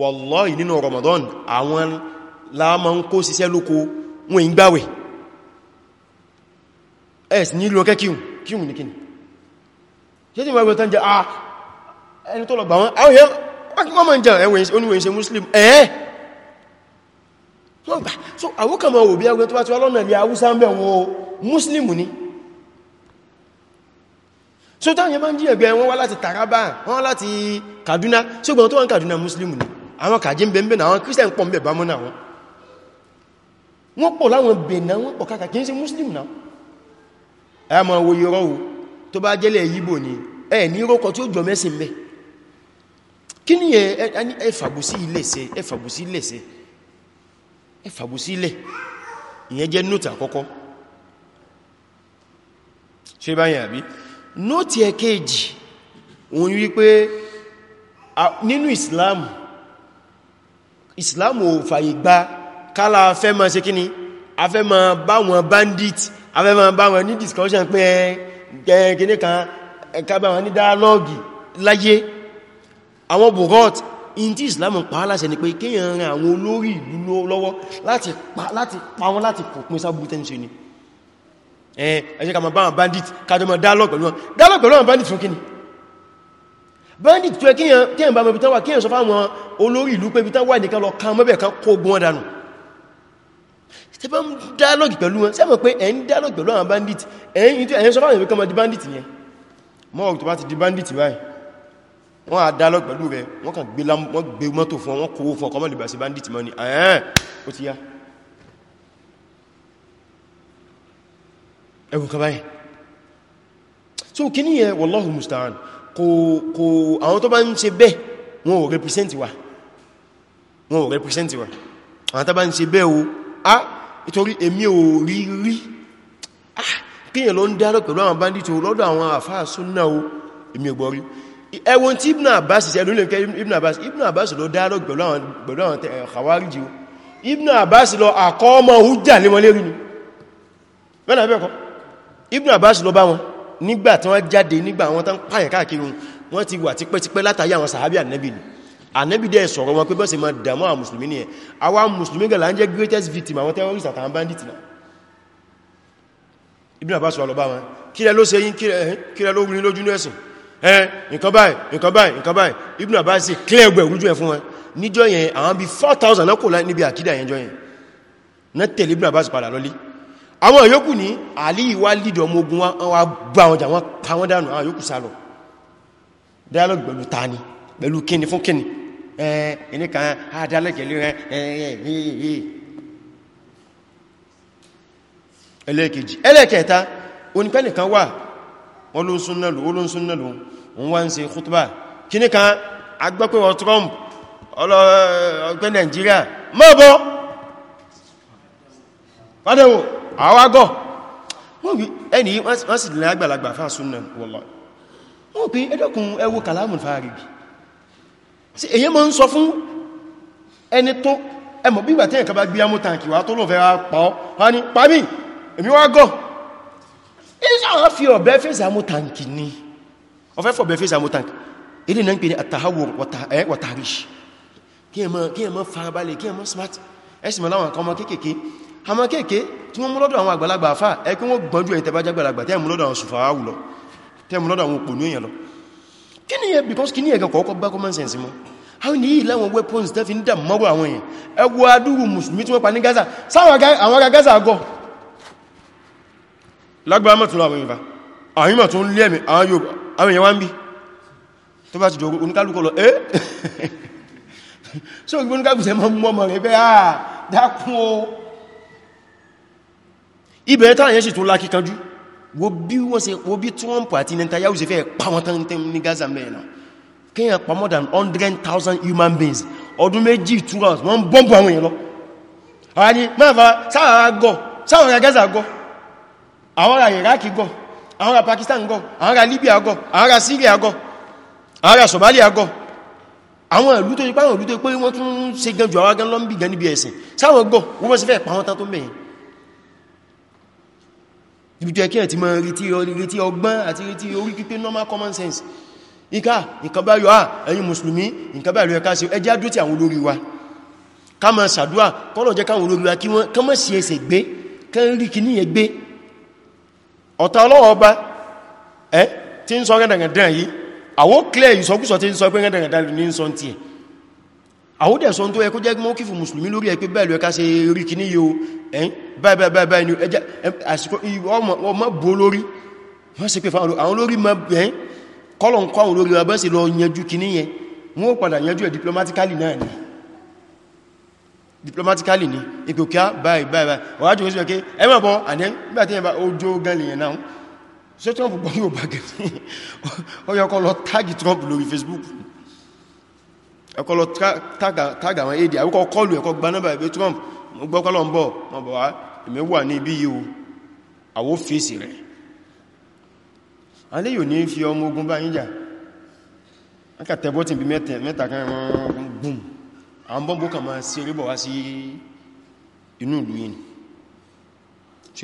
wallahi nínú Ramadan àwọn láàmà ń kó ṣiṣẹ́ lóko wọn ẹ̀s ní ìlú ọkẹ́ kíhùn kíhùn ní kíni ṣe tí wọ́n gbọ́ta ń jẹ ah ẹni tó lọ gbà wọ́n àwọn èèyàn wọ́n jẹ oníwẹ̀ẹ́ṣe muslim ẹ̀ẹ́ wọ́n gbà so àwọ́kàmọ̀ wò bí agbẹ́ tó bá ti wá lọ́nà wọ́n muslim ni so táwọn yẹn máa ń jí Taraba wọn láti Kaduna tí ó gbọ́n Kaduna muslim ni àwọn kàjí ń bẹ̀ Christian pọ̀ ń bẹ̀ bá mọ́ náà wọn pọ̀ láwọn bẹ̀ náà wọn pọ̀ kàkà kí ń ṣe muslim náà ẹmọ wo yọrọ o tó bá jẹ́lẹ̀ yíbò ní ẹ ní rókọ tí ó jọ mẹ́sìn bẹ́ kí ní ẹ fàbùsí ilẹ̀ṣẹ́ ẹ fàbùsí ilẹ̀ṣẹ́ ẹ fàbùsí ilẹ̀ ìyẹn jẹ́ nóòtì àkọ́kọ́ ṣe báyìí àbí nóòtì ẹ̀kẹ́ẹ̀jì òun yí pé nínú ìsìláàmù ìsìláàmù ò fàyè gba kálá afẹ́ ma ṣe kíni afẹ́ ma báwọn bandits afẹ́mọ̀ bá wọn ní discussion pé gẹ́gẹ́gẹ́ kan ẹka bá wọn ní dialogue láyé àwọn bọ̀gọ́t in tí Islam pa aláṣẹ ni pé kéèyàn ran àwọn olórí ìlú lọ́wọ́ láti pa wọn láti pòpin sábú tẹ́ǹṣẹ́ ni ẹ̀ṣẹ́ kàmà báwọn bandit kájọmọ̀ dialogue pẹ̀lú wọn dialogue pẹ̀lú wọn bandit fún kíni bandit tó ẹ kéèyàn bá mọ̀ ibi tán wà kéèyàn sọ fáwọn olórí ìlú pé ibi tán wà nìkan lọ tẹ́ bá ń dialogue pẹ̀lú wọn ṣé mọ̀ pé ẹ̀ ń dialogue pẹ̀lú àwọn bandit ẹ̀yìn tí ẹ̀yìn sọ fáwọn ìwékọ́ mọ́ di bandit yẹn mọ́ tó bá ti di bandit báyìí wọ́n á dialogue pẹ̀lú rẹ̀ wọ́n kàn gbé mọ́tò fún wọn kówó fún ọkọ̀mọ́ lìbàṣẹ́ bandit mọ́ ni ẹ̀ẹ́n ó ti yá ẹ̀wọ̀n kan báyìí so kí ní yẹn wallahu musta'an kò kò àwọn tó bá ń ṣe bẹ́ẹ̀ wọn ò represent wa wọn ò represent wa àwọn tó bá ń ṣe bẹ́ẹ̀ o ah ìtorí èmi ò rí rí ah, kíyàn ló ń dárọ̀ pẹ̀lú àwọn bandit o lọ́dọ̀ àwọn àfáà súnnà o èmi ò gbọ́rí ẹwọ́n tí Ibn Abbas ṣe ẹ̀lú lẹ́kẹ́ Ibn Abbas Ibn Abbas lọ dárọ̀ pẹ̀lú àwọn eh, Khawarij o Ibn Abbas lọ àkọ́ọ̀mọ̀ hujja lé wọn lérí ni mẹ́nà bẹ́ẹ̀kọ́ Ibn Abbas lọ bá wọn nígbà tí wọ́n jáde nígbà wọn tán pààyàn káàkiri wọn ti wà tipẹ́tipẹ́ látàrí àwọn sàhábí ni ànábì dẹ̀ sọ̀rọ̀ wọn pé bọ́sẹ̀ ma dàmọ́ àwọn mùsùlùmí ni ẹ̀ àwọn mùsùlùmí gẹ̀lá ń jẹ́ greatest victim àwọn terrorist àtàwọn bandit náà Ibn Abbas wà lọ́bá wọn kí lẹ ló ṣe yín kí lẹ eh, ló rí lójú ẹ̀sìn ẹ̀ eh, nǹkan báyìí nǹkan báyìí Ibn Abbas sì clear ẹgbẹ̀ rújú ẹ̀ fún wọn níjọ́ yẹn àwọn bí 4000 náà kò láì níbi àkídà yẹn jọ yẹn náà tẹ̀lé Ibn Abbas padà lọ́lé àwọn yòókù ní àlì ìwá lídọ̀ ọmọ ogun wọn gbà wọn jà wọn pa wọn dànù àwọn yòókù sálọ dialogue pẹ̀lú tani pẹ̀lú kíni fún kíni ẹ ẹni kan adalẹjẹlẹ rẹ ẹ ẹ ẹ ẹlẹ́ẹ̀kejì ẹlẹ́ẹ̀kẹta onípẹ́nìkan wà wọ́n ló ń súnnà lò ó ló ń súnnà lò ń wá ń ṣe khutba kíní kan agbẹ́pẹ̀wọ̀ Trump ọlọ́ọ̀gbẹ́ Nàìjíríà mọ́ bọ́ fádẹ̀wò àwágọ́ ẹni wọ́n sì lè àgbàlagbà fáà súnnà wallahi wọ́n pín ẹdọ́kùn ẹwọ kàlámù fáàrìbì sí èyí ma ń sọ fún ẹni tó ẹmọ̀ bígbà tí ẹ̀kà bá gbí amú tàǹkì wá tó lọ́fẹ́ pàọ́ wá ní pàmí èmi wá gọ́ ìsáwọ́ fi ọ̀bẹ́ fèsì amú tàǹkì ni ọ̀fẹ́ fọ̀bẹ́ fèsì amú tàǹkì ilé náà ń pè ní àtàhàwò wọ̀tàríṣ kí ẹ má farabalẹ̀ kí ẹ má smart ẹ̀sìn mọ́láwọn kan ọmọ kéèkéé àmọ́ kéèkéé tí wọ́n mú lọ́dọ̀ àwọn àgbàlagbà àfáà ẹkùn wọ́n gbọ́njú ẹ̀yìn tẹbájágbàlagbà tẹ́ẹ̀mú lọ́dọ̀ àwọn sùfàáwù lọ tẹ́ẹ̀mú lọ́dọ̀ àwọn òpònú èèyàn lọ kí ni yẹ because kí ni ẹ̀kan kọ̀ọ̀kọ́ bá common sense mú àwọn ní yìí láwọn weapons tẹ́ fi ń dà mọ́rọ̀ àwọn èèyàn ẹgbọ́ adúrù mùsùlùmí tí wọ́n pa ní Gaza sáwọn ará Gaza gọ́ lágbàá mọ̀ tún lọ àwọn ìfà àwọn ìmọ̀ tó ń lé ẹ̀mí àwọn yóò àwọn èèyàn wá ń bí tó bá ti dòrò oníkálùkù lọ ẹ́ so gbogbo oníkálùkù sẹ mọ́ mọ́ rẹ̀ bẹ́ àà ah, dákún o ibẹ̀ táà yẹn sì tún lákíkanjú wo bí wọ́n ṣe wo bí Trump àti Netanyahu ṣe fẹ́ pa wọn tán ní Gaza mẹ́rin náà kíyàn pa more than 100,000 human beings ọdún méjì two hours wọ́n bọ́m̀bù àwọn èèyàn lọ àwọn ni mẹ́fà sáàrà gọ́ sáwọn ará Gaza gọ́ àwọn ará Iraq gọ́ àwọn ará Pakistan gọ́ àwọn ará Libya gọ́ àwọn ará Syria gọ́ àwọn ará Somalia gọ́ àwọn ìlú tó ipá àwọn ìlú tó pé wọ́n tún ṣe gan jù àwọn gan lọ́mbì gan níbi ẹ̀sìn sáwọn gọ́ wọ́n sì fẹ́ pa tó mẹ́yìn ibi jẹ́ kí ẹ̀ ti mọ̀ rítí ọgbọ́n àti rítí orí pípé normal common sense ìká nǹkan bá yọ à ẹ̀yin mùsùlùmí nǹkan bá yọ ẹ̀ká sí ẹjẹ́ àdútì àwọn olórí wa ká máa sàdúà kọ́nà jẹ́ káwọn olórí wa kí wọ́n kán mọ́ sí ẹsẹ̀ gbé kán rí kì níyẹ gbé ọ̀tá ọlọ́wọ́ ọba ẹ́ tí ń sọ rẹ̀dàngàdàn yìí àwó clear ìsọkúsọ tí ń sọ pé rẹ̀dàngàdàn ní ń sọ ti ẹ̀ àwúdẹ̀ sọ tó ẹkú jẹ́ mọ́kí fún mùsùlùmí lórí ẹ pé bẹ́ẹ̀lú ẹka ṣe rí kì ní yíò ẹ̀yìn báyìí ni ẹjẹ́ àsìkò ọmọ bó lórí wọ́n sì pé fáwọn olórí ma bẹ̀ẹ́ kọ́lọ̀nkọ́ àwọn olórí wa bẹ́ẹ̀ sì lọ yanjú kì níyẹn wọ́n padà yanjú ẹ̀ diplomatically náà ni diplomatically ni ipò kíá báyìí báyìí ọ̀rájú oṣù ẹ̀kẹ́ ẹ mọ̀ bọ́ àdẹ́ nígbà Trump gbọ́ Facebook ẹkọlọ tàgà àwọn èdè àwúkọ kọlù ẹkọ gba nọ́bà ẹgbẹ́ Trump mọ́ gbọ́kọ́lọ̀ ń bọ̀ mọ́ bọ̀ wá èmẹ́ wà ní ibi yíò àwó fèsì rẹ̀ alẹ́ yóò ní fi ọmọ ogun bá yíjà aka tẹ́bọ́tì bí mẹ́ta kan gbùm àwọn ṣe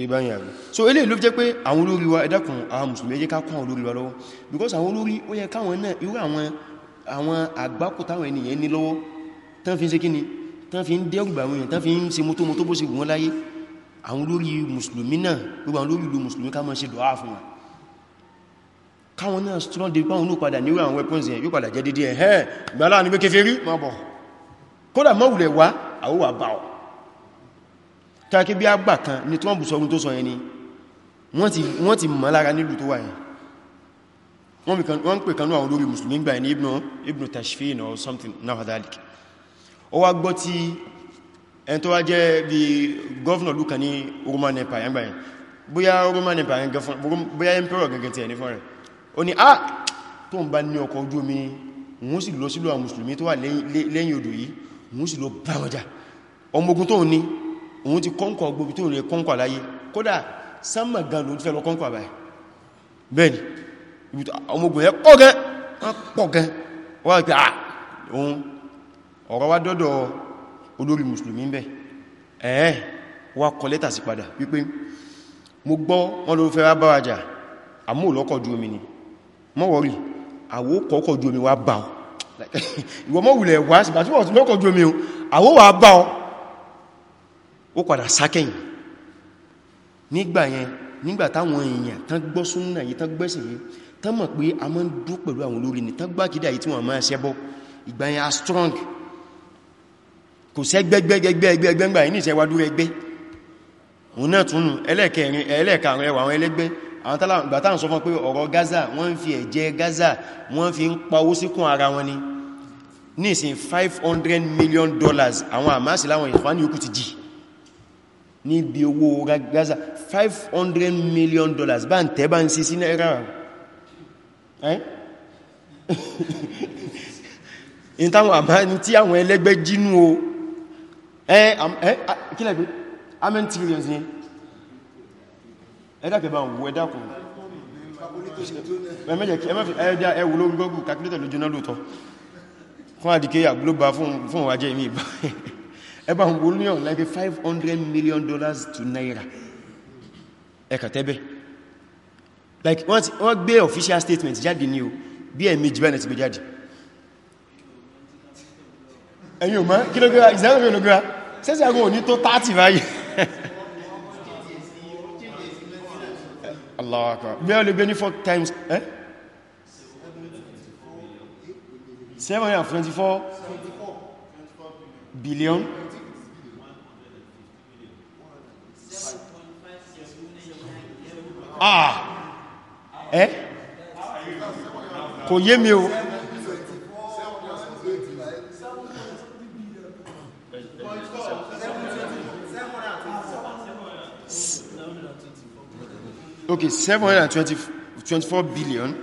bá àrùn so ilé ìlú jẹ́ pé àwọn olórí wa ẹ̀dàkùn àwọn mùsùlùmí ẹjẹ́ ká kún olórí wa lọ́wọ́ because àwọn olórí ó yẹ káwọn náà irú àwọn àwọn àgbákò táwọn ènìyàn ní lọ́wọ́ tán fi ń ṣe kíni tán fi ń dẹ́gbà àwọn èèyàn tán fi ń se mọ́tò mọ́tò bó ṣe wù wọ́n láyé àwọn olórí mùsùlùmí náà gbogbo àwọn olórí ìlú mùsùlùmí ká máa ṣe dùá fún wọn káwọn náà strong dey pàwọn olóòpadà níwẹ̀ àwọn weapons yẹn yóò padà jẹ́ dédé ẹ̀ ẹ̀ gbàlá ní pé kèfèrí má bọ̀ kódà má wulẹ̀ wá àwọ́wà bá ọ̀ tàkí bí àgbà kan ní trump sọ ohun tó sọ wọ́n pè kanú àwọn olórí musulmi gbà ní ibn tashfin or something náà dalik O wá gbọ́ tí ẹni tó wá jẹ́ bí gọ́ọ̀nà lúkà ní roman empire yẹn báyìí bóyá roman empire gẹ́fún bóyá emperor gẹ́gẹ́ tí ẹni fún rẹ̀ ó ní ah tó ń bá ní ọkọ̀ ojú omi wọ́n sì lọ sílò àwọn musulmi tó wà lẹ́yìn odò yìí wọ́n sì lọ bá wọn jà ọmọ ogun tó ń ní òun ti kọ́ǹkọ̀ gbogbo tó ń rẹ̀ kọ́ǹkọ̀ láyé kódà sánmà gan ló ń fẹ́ lọ kọ́ǹkọ̀ àbáyé bẹ́ẹ̀ ọmọogun yẹn pọ̀ gan wọ́n pọ̀ gan wọ́n wá pé à ah, ohun ọ̀rọ̀ wá dọ́dọ̀ olórí mùsùlùmí ń bẹ̀ ẹ̀ẹ́ wá kọ lẹ́tà sí padà wípé mo ni mọ́ wọ́rí àwó kọ́kọ̀ ju omi wá bá ọ ìwọ mọ́ wùlẹ̀ wá sí bàtí wọ́n lọ́kọ̀ ju omi o àwó wà bá ọ ó padà sákẹ̀yìn nígbà yẹn nígbà táwọn èèyàn tán gbọ́ súnnà yìí tán gbẹ́sìn yìí tán mọ̀ pé a mọ́ ń dú pẹ̀lú àwọn olórí ní tán gbákidà yìí tí wọ́n máa ṣẹbọ ìgbàyàn a strong kò sẹ́gbẹ́gbẹ́gbẹ́gbẹ́gbẹ́gbẹ́gbà yìí ní ìṣẹ́wà dúró ẹgbẹ́ òun náà túnnù ẹlẹ́ẹ̀kẹrin ẹlẹ́ẹ̀karùn ẹwà àwọn ẹlẹ́gbẹ́ àwọn gbàtà ń sọ fún pé ọ̀rọ̀ Gaza wọ́n ń fi ẹ̀jẹ̀ Gaza wọ́n fi ń pawó síkún ara wọn ni ní ìsìn 500 million dollars àwọn àmáṣì láwọn ìfà ní òkú ti jì níbi owó Gaza 500 million dollars bá ń tẹ́ bá ń sí sí náírà in táwọn àbáni tí àwọn ẹlẹ́gbẹ́ jínú o kílẹ̀ pé amen trillions ni ẹ̀dàkẹ̀bà wọ ẹ̀dàkùn ẹ̀wù ló ń gọ́gù calculator ló jóná lóòtọ́ fún àdíkẹ́ àgbólóbá fún wájẹ́ ìmì ìbá ẹbà wọ́n ní 500 million dollars to naira ẹ̀kàtẹ́bẹ̀ẹ́ like wọ́n gbé official statement jáde ní o bí ẹ̀ méjì bẹ́ẹ̀ ti gbé jáde ẹ̀yìn òmá kílógíra ìzáàmì ológíra sẹ́sẹ̀ agbó òní tó 30 báyìí Allahu Akbar bí ọ lè gbé ní 4 times eh 724 billion ah ẹ́ eh? kò yé mi o okay 724 billion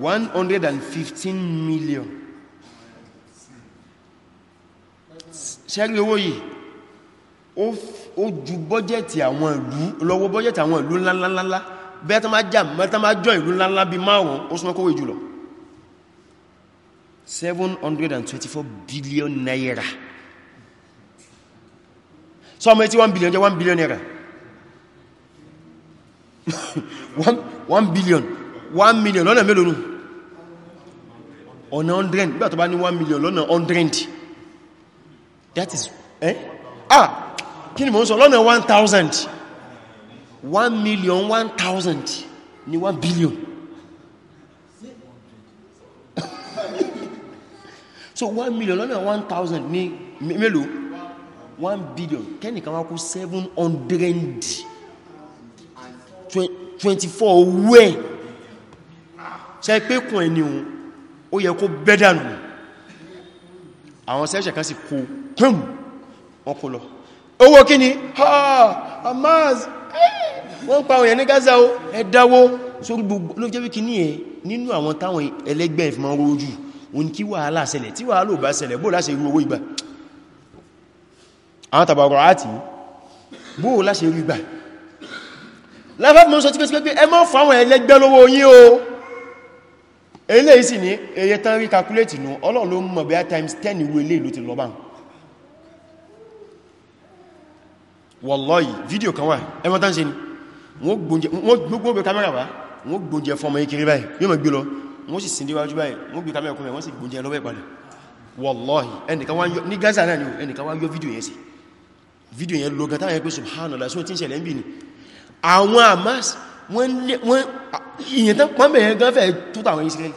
115 million ṣẹ́rí owó yìí ó ju bọ́jẹ̀tì àwọn ìlú lọ́wọ́ bọ́jẹ̀tì àwọn ìlú ńláńláńlá bẹ́ẹ̀ tó máa jà mẹ́ta máa jọ ìlú ńláńlá bí márùn-ún ó súnmọ́ kówé jùlọ 724 billion naira so ọmọ etí 1 billion jẹ́ 1 billion naira 1 billion 1 million lọ́nà mélòó nù ọ̀nà 100 nígbà tó bá ní 1 million lọ́nà 100 that is eh ah kí ni mo ń sọ lọ́nà 1000 one million one thousand ni one billion so one million lọ́nà one thousand ni mélòó one billion kẹ́nìkan wá kú seven hundred twenty four owó ẹ̀ ṣe pé kùn ẹni òun ó yẹ kó bẹ́dànù àwọn sẹ́ṣẹ̀ kan sì kó pẹ́mù ọkùnlọ owó kí ni ha amaz wọ́n pa òyìn ní Gaza ó ẹ̀dáwó sórí gbogbo ló jẹ́ wíkí ní ẹ̀ nínú àwọn táwọn ẹlẹ́gbẹ́ ìfìmọ̀ rojú òun kí wàhálà ṣẹlẹ̀ tí wàhálà ò bá ṣẹlẹ̀ bóò láṣẹ irú owó ìgbà àwọn tàbàkọ̀ àti bóò láṣẹ irú ìgbà láfàbùmọ́ sọ o eléyìí sì ní eye tán calculate nù Ọlọ́run ló times 10 ìwé ilé ìlú ti lọ bá wallahi fídíò kan wà ẹmọ́ tán ṣe ni wọ́n gbogbo kamẹ́rà wá wọ́n gbóúnjẹ fọmọ ikiri báyìí yóò mọ̀ gbé lọ wọ́n sì sin díwájú báyìí wọ́n gbé kamẹ́rà kúnmẹ̀ wallahi ẹnìkan wá ni ẹnìkan wá yọ fídíò yẹn sí fídíò yẹn lọ gata yẹn pé subhanallah só tí ń ṣẹlẹ̀ ń bì ní àwọn Hamas wọ́n ìyẹn tán pọ́n bẹ̀rẹ̀ gan fẹ́ tó tàwọn Israeli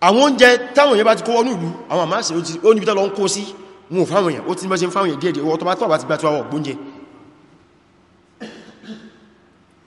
àwọn oúnjẹ táwọn yẹn bá ti kó wọnú ìlú àwọn Hamas ó níbi tó lọ ń kó sí wọn ò fáwọn yẹn ó ti mọ́ sí fáwọn yẹn díẹ̀díẹ̀ ọ̀tọ́ bá tọ́ bá ti gbá tó àwọ̀ gbóúnjẹ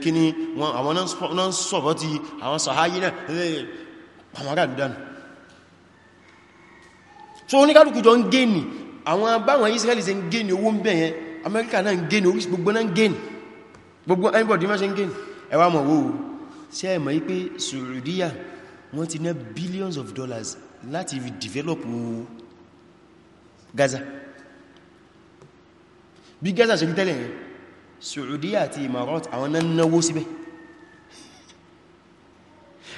kí ni àwọn náà sọ̀bọ̀ ti àwọn sàháyí náà àwọn ará ìdánù so oníkálùkù jọ ń gẹ́ni àwọn abáwọn Israeli ṣe ń gẹ́ni owó ń bẹ̀yẹn Amẹ́ríkà náà ń gẹ́ni orísì gbogbo náà ń gẹ́ni gbogbo anybody máa ṣe ń gẹ́ni ẹ wá mọ̀ wó ṣe ẹ̀mọ̀ yí pé Saudiya wọ́n ti ná billions of dollars láti redevelop Gaza bí Gaza ṣe rí tẹ́lẹ̀ Saudi àti Imarat àwọn náà náwó síbẹ̀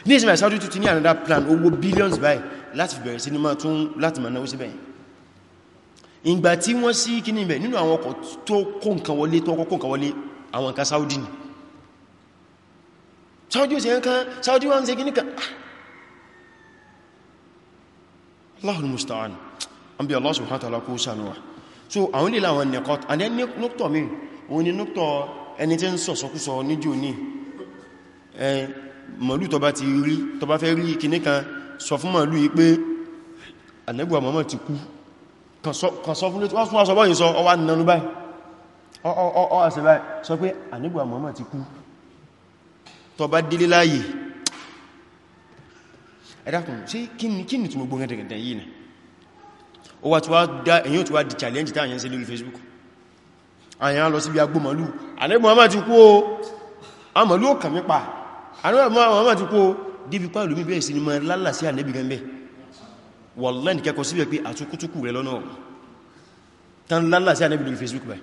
ní ìsinmi Saudi tó ti ní another plan owó billions báyìí láti bẹ̀rẹ̀ sí ní máa tún láti máa náwó síbẹ̀ ìgbà tí wọ́n sí kíní ibẹ̀ nínú àwọn ọkọ̀ tó kó nǹkan wọlé tó kó nǹkan wọlé àwọn nǹkan Saudi ni Saudi ò sí ẹnkan Saudi wọ́n ń ṣe kíní kan Allahul musta'an an bí Allah subhanahu wa ta'ala kó sànúwà so àwọn ilé àwọn nẹ̀kọ́ and then nọ́tọ̀ mìíràn òun ni núktọ̀ ẹni tí ń sọ̀sọ̀kúsọ níjò ní màálù tó bá ti rí tó bá fẹ́ rí kìní kan sọ fún màálù yìí pé Ànábì Muhammad ti kú kan sọ fún lẹ́tọ́ fún asọ́bọ́ yìí sọ ọwá nanú báyìí ọ àṣẹ báyìí sọ pé Ànábì Muhammad ti kú tó bá délé láàyè ẹ̀dàkùn sí kí ni tí Facebook àyàn lọ sí bí agbó a màlúù kàn mí pa ànábì Muhammad ti kú o débi pàlú mi bẹ́ẹ̀ sí ni mọ́ lálà sí ànábì gan bẹ́ wallahi ní kẹ́kọ̀ọ́ síbẹ̀ pé àtúkútúkù rẹ lọ́nà tán lálà Facebook báyìí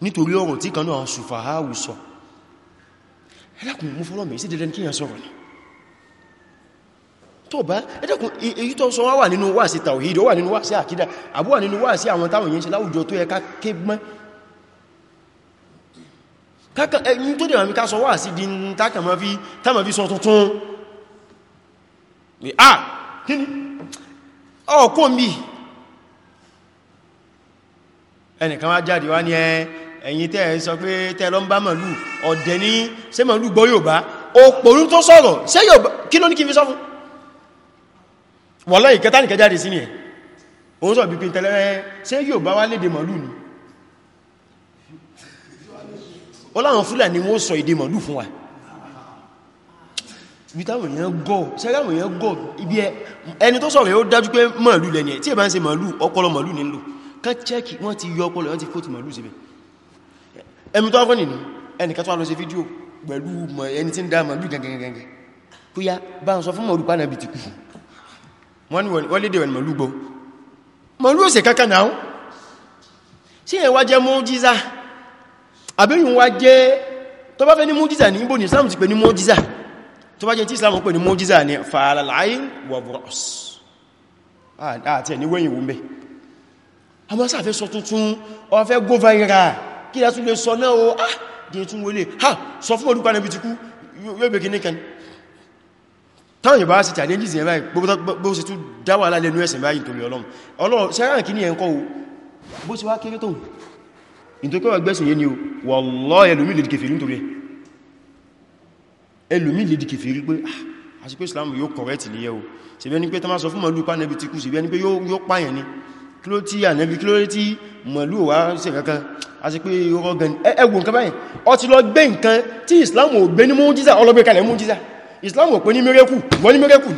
nítorí ọ̀rọ̀ tí kan náà sùfàháwù sọ ẹlẹ́kùn mú fọ́lọ́mì sí dẹ̀dẹ̀ kíyàn sọ̀rọ̀ ní tó bá ẹlẹ́kùn èyí tó sọ wà nínú wà sí tàwíìdì ó wà nínú wà sí àkídà àbúwà nínú wà sí àwọn táwọn yẹn ṣe láwùjọ tó yẹ kaka ẹni tó dẹ̀wà mi ká sọ wà sí di tákàmà fi támà fi sọ tuntun ni a ah, kíni ọkọ́ mi ẹnìkan wá jáde wá ní ẹ ẹ̀yin tẹ́ sọ pé tẹ́ lọ ń bá màlú ọ̀dẹ̀ ní ṣé màlú gbọ́ Yorùbá òpòrú tó sọ̀rọ̀ ṣé Yorùbá kí ló ní kí fi sọ fún wọ́lọ́ ìkẹta nìkẹ jáde sí ni ẹ̀ òun bí pín tẹ́lẹ́rẹ́ ṣé Yorùbá wá lédè màlú ni ó láwọn fúlàní wọ́n sọ èdè màlúù fún wa ibi táwọn èèyàn gọ́ sẹ́gbàmù èèyàn gọ́ ibi ẹni tó sọ̀rọ̀ yóò dájú pé màlúù lẹ́ni ẹ̀ tí ẹ bá ń ṣe màlúù ọpọlọ màlúù nílò ká chẹ́kì wọ́n ti yọ ọpọlọ wọ́n ti fóòtù màlúù síbẹ̀ ẹmi tó fọ́nì ní ẹni ká tó lọ sí fídíò pẹ̀lú ẹni tí ń dá màlúù gẹ̀gẹ̀gẹ̀gẹ̀ kó yá bá ń sọ fún àbẹ́yìn wá jẹ́ tó bá fẹ́ ní mọ́jíza ní ibò ní islam ti pè ní mọ́jíza tó bá jẹ́ tí islam pè ní mọ́jíza ní fààlàláyé wà bros àti ẹni wẹ́yìn wọ́n bẹ́ a mọ́ sáfẹ́ sọ tuntun ó fẹ́ go kí dá tún lè sọ náà o ah dẹ̀ tún wọlé ha sọ fún olúpa nẹbi ti kú yóò bẹ̀ kìníkan táwọn yóò bá sì tàdé jìzì ẹ̀bá bó sì tún dáwà lálẹ́nu ẹ̀sìn báyìí torí ọlọ́run ọlọ́run sẹ́ràn kí ní nítorí kọ́wàá gbẹ́sìn yé ni o wallahi ẹlòmí lè dìkèfèrí nítorí ẹ ẹlòmí lè dìkèfèrí pé ah, àṣípé Islam yóò kọ̀rẹ́tì ní ẹwọ ṣe bẹ́ni pé tó máa sọ fún mọ̀lú pa nẹbi ti kú ṣe bẹ́ni pé yóò pààyàn ni kí ló tí ànẹbi kí ló rí tí mọ̀lú wá sí kankan àṣípé yóò gan ẹgbùn kan báyìí ọ ti lọ gbé nǹkan tí Islam ò gbé ní mú jíza ọlọ́gbé kalẹ̀ mú jíza Islam ò pé ní mẹ́rẹ́kù wọ́n ní mẹ́rẹ́kù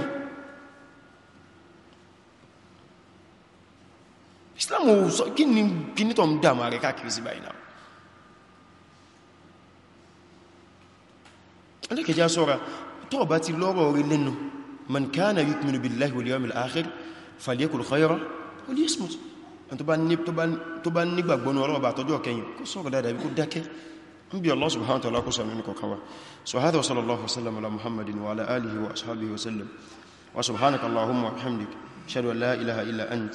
islam ò sọ kí ni kíní tó ń dàmà rẹ̀ káàkiri sí báyìí náà alékẹjá sọ́ra tó bá ti lọ́rọ̀ orí lẹ́nu man kana yu'minu billahi wal yawmil akhir falyakul khayran wal yasmut tó bí kó dákẹ́ نبي الله سبحانه وتعالى كسر منك الله وسلم وسلم وسبحانك اللهم وبحمدك أشهد أن إله إلا أنت